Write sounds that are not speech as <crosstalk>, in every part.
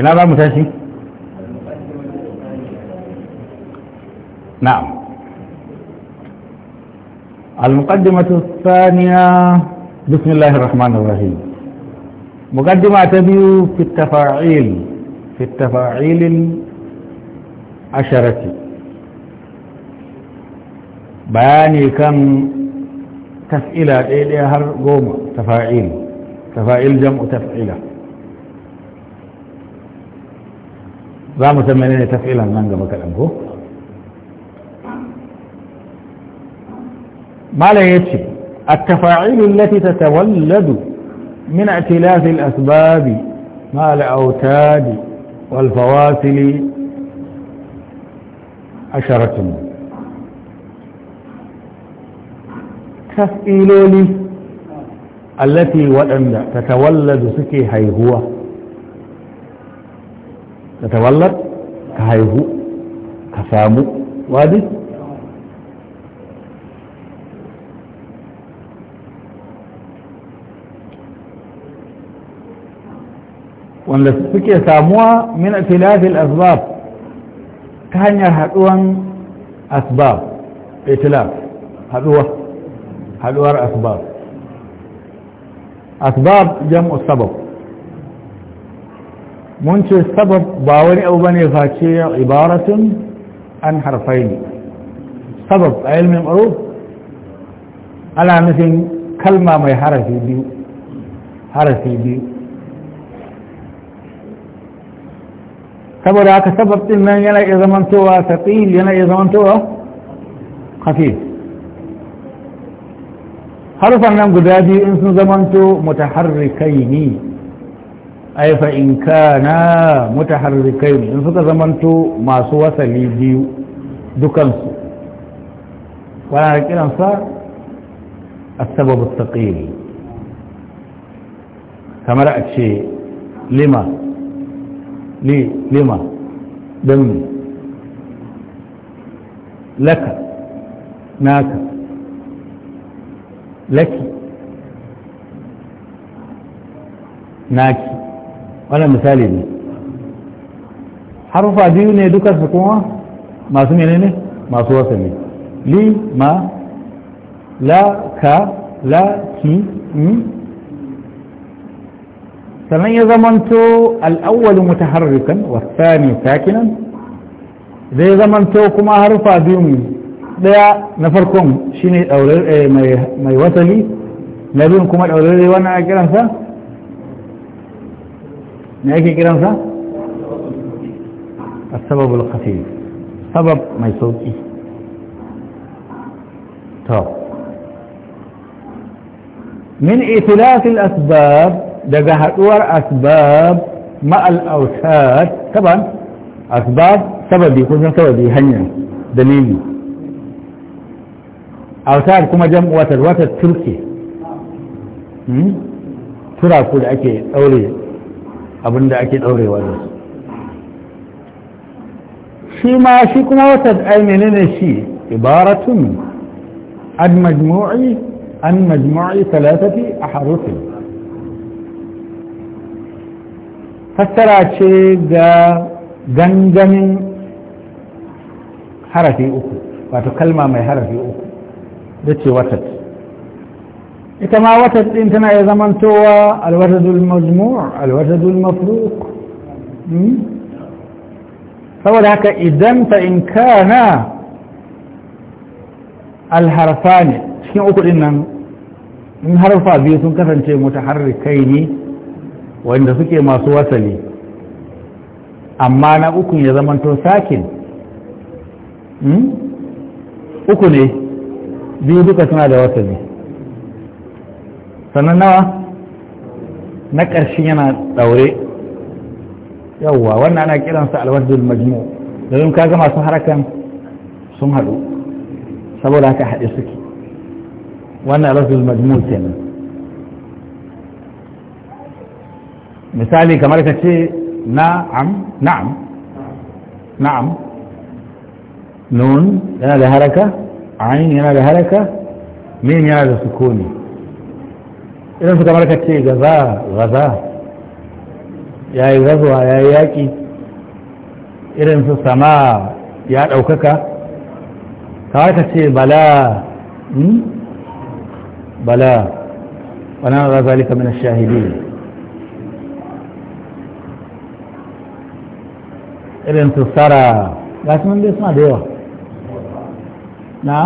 ina za نعم المقدمة الثانية بسم الله الرحمن الرحيم مقدمة تبيو في التفاعيل في التفاعيل العشرة بياني كم تفعيلة إيه هر إيه، تفاعيل تفاعيل جمع تفعيله za mu san menene tafilan nan ما kaɗan ko التفاعيل التي تتولد من ائتلاف الأسباب مع الأوتاد والفواصل عشرة تفعيل التي وأن تتولد سكي هو ka tawallar ka haihu ka samu wadi wanda suke samuwa min tilafil asbab ta hanyar haduwan asbab itilaf haduwa haduwar asbab asbab jam'u sabab منتو السبب باوري او بني فاتشية عبارة عن حرفين سبب علم المعروف على مثل كلمة ما يحرفي بيو حرفي بيو سبب راك سبب تنين ينا اذا من توا ثقيل ينا اذا من توا خفيف حرفا نام قدادي انسن زمن متحركيني ai fa in kana ne. in suka zamanto masu wasali biyu dukansu wani kiransa السبب الثقيل Kamar a ce, lima, li lima دمني Laka, naka, laki, naki. wannan misali ne harufa biyu ne dukansu kuma masu menene masu wasanni li ma la ka la ki sannan ya zamanto al'awwalu mutaharrikan wasani sakinan zai zamanto kuma harufa biyun daya na farkon shine daure eh, mai wasali na biyun kuma daure wani a kiransa ما هيك السبب الخفيف سبب ما يسوقي طب من ثلاث الاسباب دغه دور اسباب ما الاوساد طبعا اسباب سبب يكون سبب هنيا دليل اوساد كما جمع وتر وتر تركي ترى كل اكي اولي abinda ake ɗaurewa da su shi ma shi kuma wata ai menene shi ibaratun an majmu'i an majmu'i talatati a harufin fassara ce ga gangamin harafi uku wato kalma mai harafi uku da ce watat كما وتد انتما اذا من توى الوتد المجموع الوتد المفروق فولاك اذا فان كان الحرفان شنو اقول انهم من حرفا بيه سن كفنتي متحركين وان سكي ماسو وصلي amma na uku ya zaman to sakin hmm uku ne biyu duka suna da wasali sannan nawa na ƙarshen yana ɗaure yawwa wannan ana kiransa alwardul majmu domin kaga masu harakan sun haɗu saboda haka haɗe suke wannan alwardul majmu kenan misali kamar ka ce na'am na'am na'am nun yana da haraka ayin yana da haraka min yana da sukuni irin su kamar ka ce gaza gaza ya yi gazuwa ya yi yaƙi irin su sama ya ɗaukaka kawai ka ce bala hmm? bala wani ra zalika min shahidi irin su tsara ga su mun suna da yawa na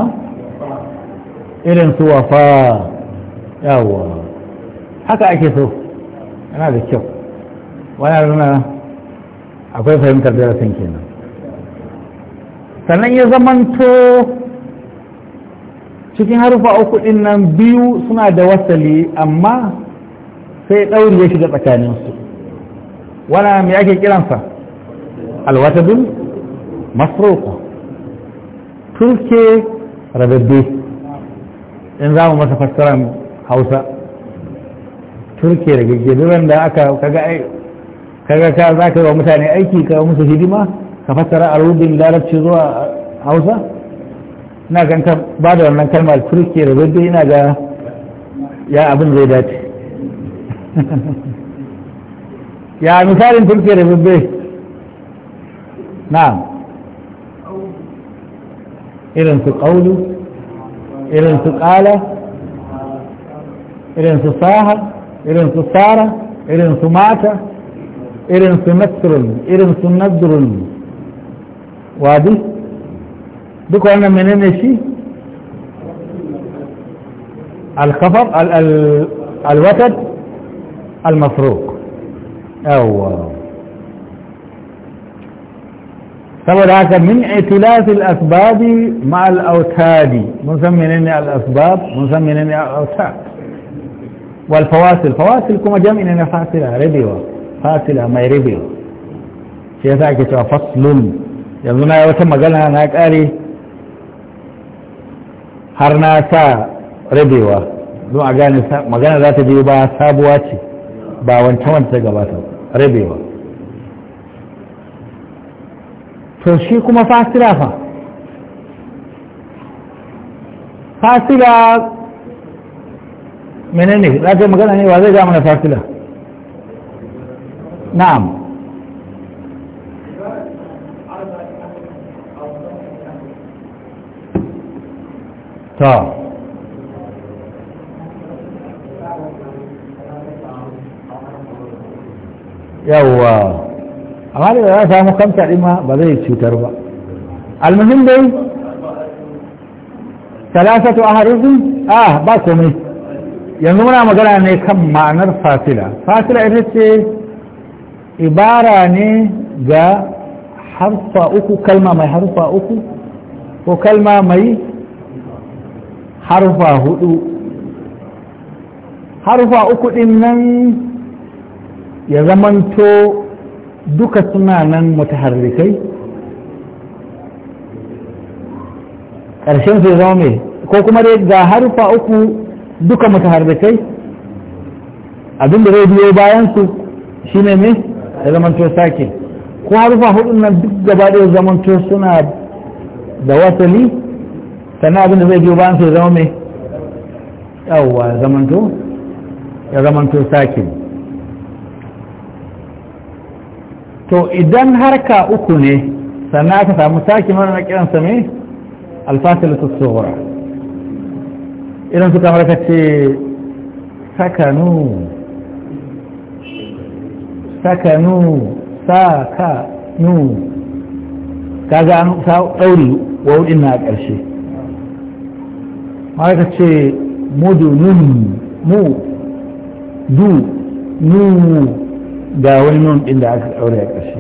irin su wafa yawon haka ake so yana da kyau wani nuna akwai fahimtar darasin kenan sannan ya zamanto cikin harufa uku din nan biyu suna da wasali amma sai ɗauri ya shiga tsakaninsu wana mai ake kiransa alwatadun masroko turke rababbe in za mu masa fassarar hausa turke da gaggazuran da aka kaga ai kaga ka za ka yi wa mutane aiki ka musu hidima ka fassara a rubin larabci zuwa hausa ina kan ka ba da wannan kalmar turke da zai ina ga ya abin zai dace <laughs> ya misalin turke da gaggazuran na irin su ƙaulu irin su ƙala irin su sahar إرن سصارة إرن سماتة إرن سمتر إرن سندر وادي دكو أنا من هنا شيء الخفض ال ال الوتد المفروق أو سبب هذا من اعتلاف الأسباب مع الأوتاد منسمي منسمينني الأسباب منسمي منسمينني الأوتاد wal fawasil fawasil kuma jami'in na fasila rabewa fasila mai rabewa shi yasa ake cewa faslun yanzu na wata magana na kare har na sa rabewa zo a gane magana za ta biyo ba sabuwa ce ba wancan wanta ta gabata rabewa to shi kuma fasila fa fasila menene za ka yi magana ne wa zai ga mana fasila na'am ta yawwa amma da za a samu kamta ɗima ba zai cutar ba almuhim dai salasatu a harufin ah ba komai yanzu muna magana ne kan ma'anar fasila fasila ita ce ibara ne ga harfa uku kalma mai harfa uku ko kalma mai harfa hudu harfa uku din nan ya zamanto duka suna nan mutaharrikai ƙarshen su zama mai ko kuma dai ga harfa uku duka kai abin da zai biyo bayan su shine ne ya zamanto sake ko harufa hudun nan duk gaba ɗaya zamantar suna da wasali sannan abin da zai biyo bayan su ya zama mai yawwa zamanto ya zamanto sake to idan harka uku ne sannan aka samu sake mana na kiransa mai alfasilatu tsohuwa irin su kamar ka ce sakanu sakanu sakanu ga an sa ɗauri wa wudin na ƙarshe mara ka ce nun mu du nu ga wani nun ɗin da aka ɗaure a ƙarshe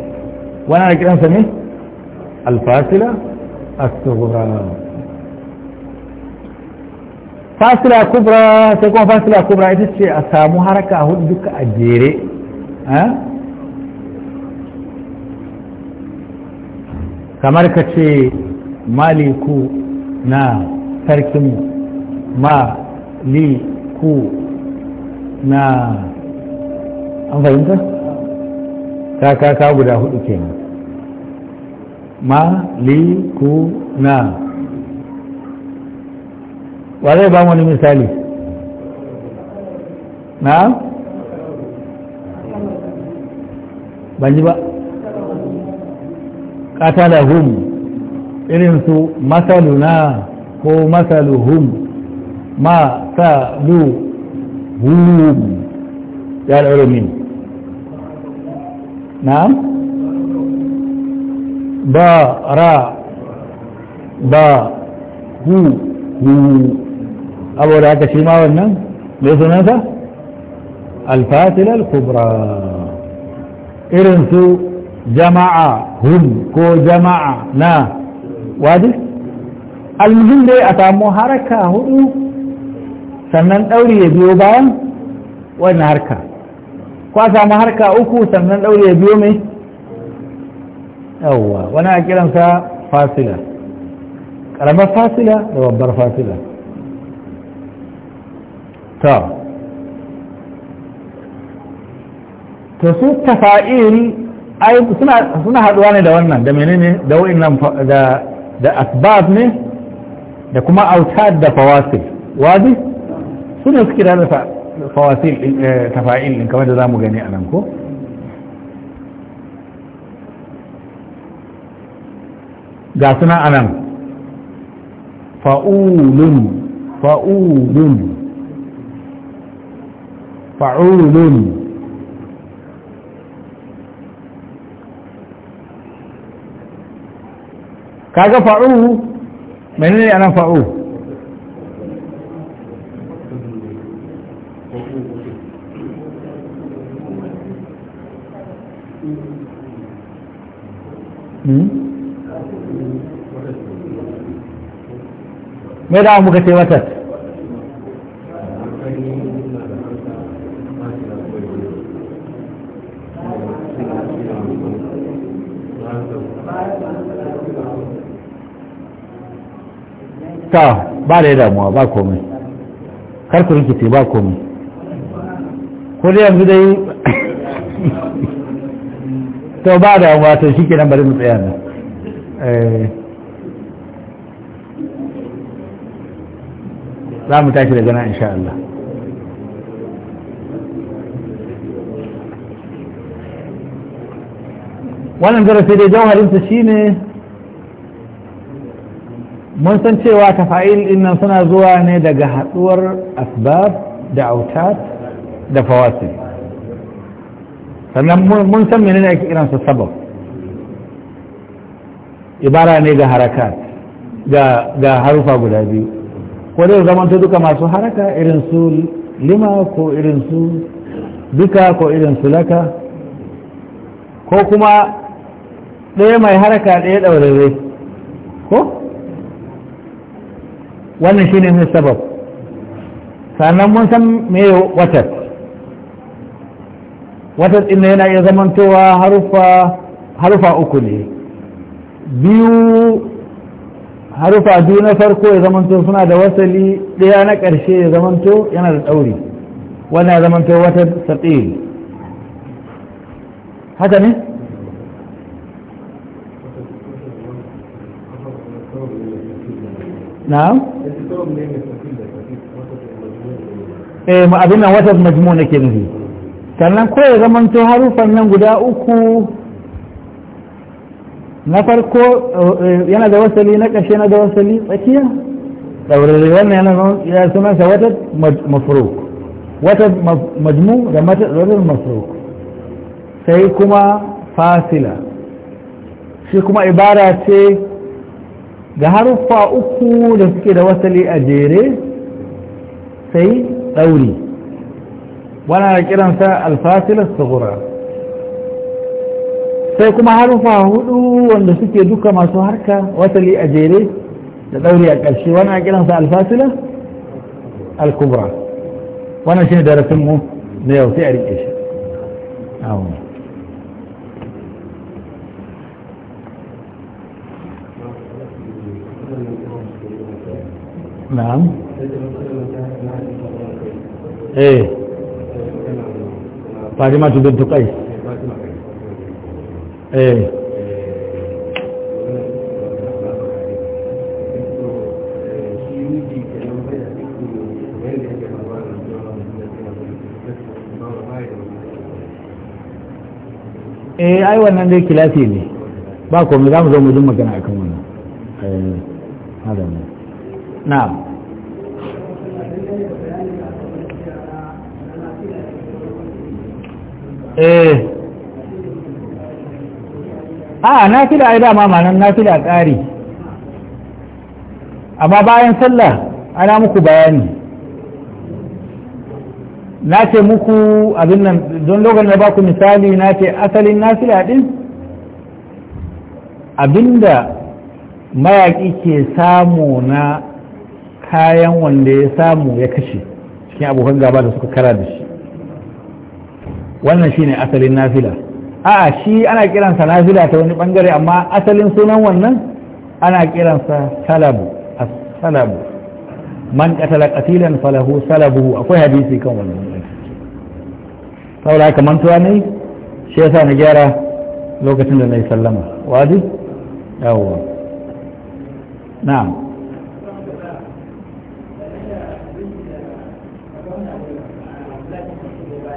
wani ana kiransa ne alfasila a tsohon fasila kubra sai kuma fasila kubra ita ce a samu haraka hudu duka a jere kamar ka ce maliku na sarkin ma li ku na an fahimta? ka ka guda hudu kenan ma li ku na wa zai ba wani misali na ban ji ba hum, irin su na ko hum, ma salu hum ya dauro min na ba ra ba hu hu da haka shi ma wannan mai sunansa alfatil kubra irin su jama'a hun ko jama'a na wadi. almuhim dai a samu haraka hudu sannan ɗauri ya biyo bayan wani harka ko a samu harka uku sannan ɗauri ya biyo mai yawwa wani a kiransa fasila ƙaramar fasila da babbar fasila ta to su tafa'il ai suna suna haduwa ne da wannan da menene da wa'annan da da asbab ne da kuma autad da fawasil wadi suna suke da fawasil eh, tafa'il din kamar da zamu gani a nan ko ga suna anan fa'ulun fa'ulun fa'ulun kaga fa'u menene anan fa'u me da muka ce matas ta ba da ya damuwa ba komai karku rikice ba komai ko da yanzu dai <laughs> to ba damuwa to shi ke nan bari mu tsaya nan eh, za mu tashi daga nan insha Allah wannan darasi dai shi ne. mun san cewa tafa'il dinnan suna zuwa ne daga haduwar asbab da autat da fawasi sannan mun san menene ake su sabab ibara ne ga haraka ga harufa guda biyu ko dai zamanta duka masu haraka irin su lima ko irin su duka ko irin su laka ko kuma ɗaya mai haraka ɗaya ɗaurare ko wannan shine ne sabab sannan mun san me watat watat ɗin yana iya zamantowa harufa harufa uku ne biyu harufa biyu na farko ya zamanto suna da wasali ɗaya na ƙarshe ya zamanto yana da ɗauri wannan ya zamanto wata saƙil haka ne? na'am Eh, ma abin nan wata majmu ke nufi sannan ko ya to harufan nan guda uku na farko eh, yana da wasali na ƙashe na da wasali tsakiya ɗaurari wannan yana ya sa wata mafruk wata majmu da mata matadar mafruk sai kuma fasila shi kuma ibara ce ga haruffa uku da suke da wasali a jere sai ɗauri wana da kiransa alfasilar tsagura sai kuma haruffa hudu wanda suke duka masu harka wasali a jere da ɗauri a ƙarshe wana a kiransa alfasilar alkubra wannan shi ne mu na yau sai a riƙe shi نعم ايه eh. fatima tu bintu qais eh. Eh, ai wannan dai kilafi ne ba komai za mu zo mu magana akan wannan na'am eh a na fi da ai dama nan na fi da amma bayan sallah ana muku bayani na ce muku abin nan don lokacin da baku misali na ce asalin nafila din abinda mayaƙi ke samu na kayan wanda ya samu ya kashe cikin abokan gaba da suka kara da shi wannan shine asalin nafila a'a shi ana kiransa nafila ta wani bangare amma asalin sunan wannan ana kiransa salabu salabu man katala qatilan falahu salabu akwai hadisi kan wannan saboda haka tuwa ne shi yasa na gyara lokacin da na yi sallama wadi yawwa na'am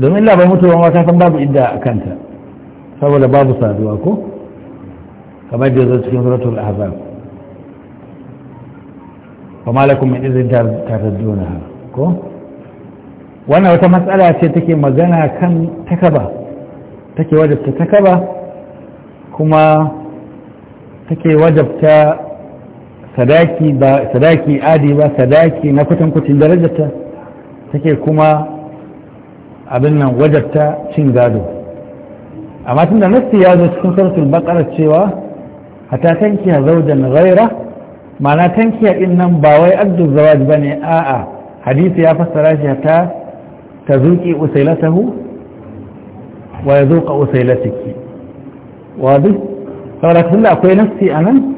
domin labar mutuwa ma ka san babu idda a kanta saboda babu saduwa ko kamar da zai cikin suratul ahzab wa malakum min idin tardunaha ko wannan wata matsala ce take magana kan takaba take wajabta takaba kuma take wajabta sadaki ba sadaki adi ba sadaki na kutankucin darajarta take kuma abin nan wajabta cin gado amma tunda nasti ya zo cikin suratul baqara cewa hatta tankiya zaujan ghaira ma'ana tankiya din nan ba wai abdu zawaj bane a'a hadisi ya fassara shi hatta tazuki usailatahu wa yazuqa usailatiki wadi saboda tunda akwai nasti anan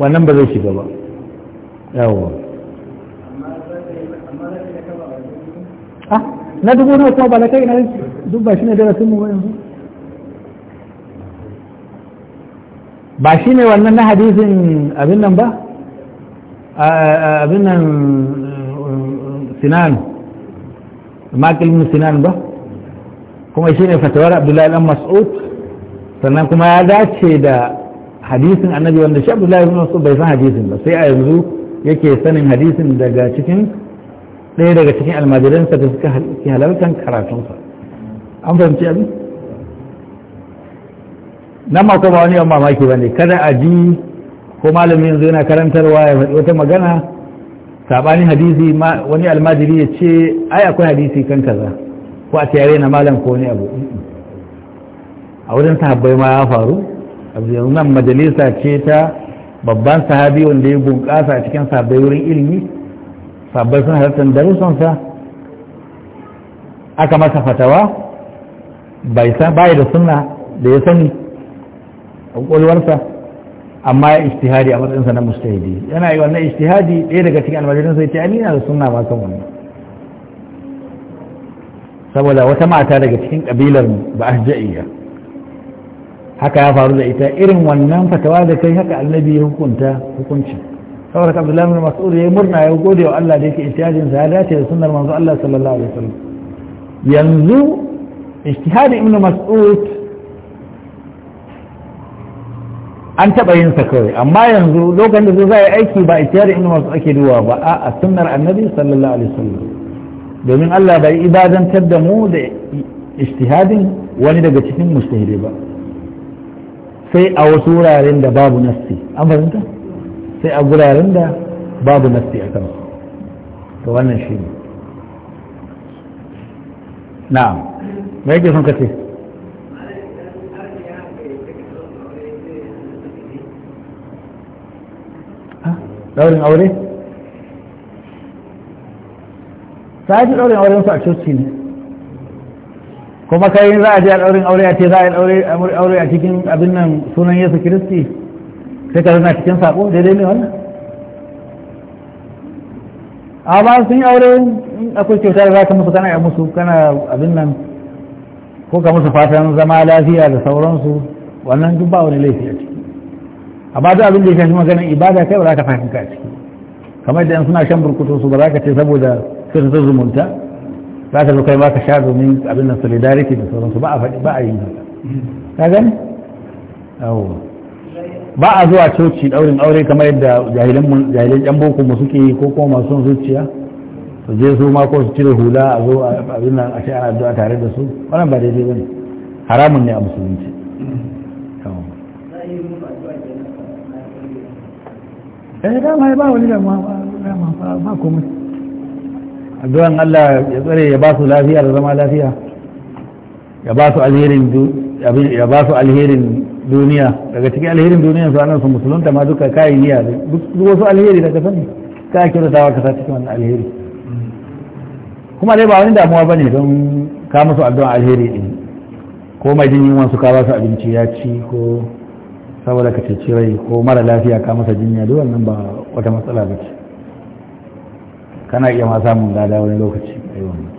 wannan ba zai shiga ba Yawon. Ah? na dubu nawa kuma ba da kai na duk ba shi ne darasin mu yanzu ba shi ne wannan na hadisin abin nan ba abin nan sinan makilin sinan ba kuma shi ne fatawar abdullahi dan mas'ud sannan kuma ya dace da hadisin annabi wanda shi abdullahi dan mas'ud bai san hadisin ba sai a yanzu yake sanin hadisin daga cikin ɗaya daga cikin almajiransa da suka halartar karatunsa an fahimci abin nan ma kuma wani yawan mamaki ba ne kada a ji ko malami yanzu yana karantarwa ya faɗi wata magana saɓanin hadisi wani almajiri ya ce ai akwai hadisi kan kaza ko a tare na malam ko wani abu a wurin sahabbai ma ya faru abu yanzu nan majalisa ce ta babban sahabi wanda ya bunƙasa a cikin sahabbai wurin ilimi sabbai sun halartar darussansa aka masa fatawa bai bai da suna da ya sani a ƙwaƙwalwarsa amma ya ishtihadi a matsayinsa na mustahidi yana yi wannan ishtihadi ɗaya daga cikin almajirin sai ce amina da suna ba kan wani saboda wata mata daga cikin ƙabilar ba a ja'iyya haka ya faru da ita irin wannan fatawa da kai haka annabi ya hukunta hukunci saboda ka abdullahi bin mas'ud ya murna ya gode wa Allah da yake ihtiyajin sa ya dace da sunnar manzo Allah sallallahu alaihi wasallam yanzu ijtihadi ibn mas'ud an taba yin sa kawai amma yanzu lokacin da zai yi aiki ba ijtihadi ibn mas'ud ake duwa ba a sunnar annabi sallallahu alaihi wasallam domin Allah bai ibadantar da mu da ijtihadin wani daga cikin mustahidi ba sai a wasu wuraren da babu nassi an fahimta sai a guraren da babu nasti a kansu to wannan shi ne na mai yake sun kace Ɗaurin aure ta yi ɗaurin aure su a coci ne kuma kai za a je a ɗaurin aure a ce za a yi aure a cikin abin nan sunan yesu kiristi sai ka zana cikin sako daidai ne wannan a ba sun yi aure akwai kyauta da za ka musu kana yi musu kana abin nan ko ka musu fatan zama lafiya da sauransu wannan duk ba wani laifi a ciki amma duk abin da ya shafi maganin ibada kai ba za ka fahimta a ciki kamar da suna shan burkutu su ba za ka ce saboda sai ta zumunta za ka zo kai ba ka sha domin abin nan solidarity da sauransu ba a faɗi ba a yi ka gani? ba a zuwa coci daurin aure kamar yadda jahilan yan boko mu suke yi ko kuma masu zuciya su je su ma ko su cire hula a zo abin nan a ce ana zuwa tare da su wannan ba daidai bane haramun ne a musulunci eh dama ba wani dama ba komai addu'an Allah ya tsare ya ba su lafiya da zama lafiya ya ba su alherin ya ba su alherin duniya daga cikin alherin duniya su ana su musulunta ma duka kayi niyya duk wasu alheri daga sani ka kira da ka sa cikin wannan alheri kuma dai ba wani damuwa bane don ka musu addu'a alheri din ko mai jin yunwa ka ba su abinci ya ci ko saboda ka ceci rai ko mara lafiya ka masa jinya duk wannan ba wata matsala ba ce kana iya ma samun lada wani lokaci a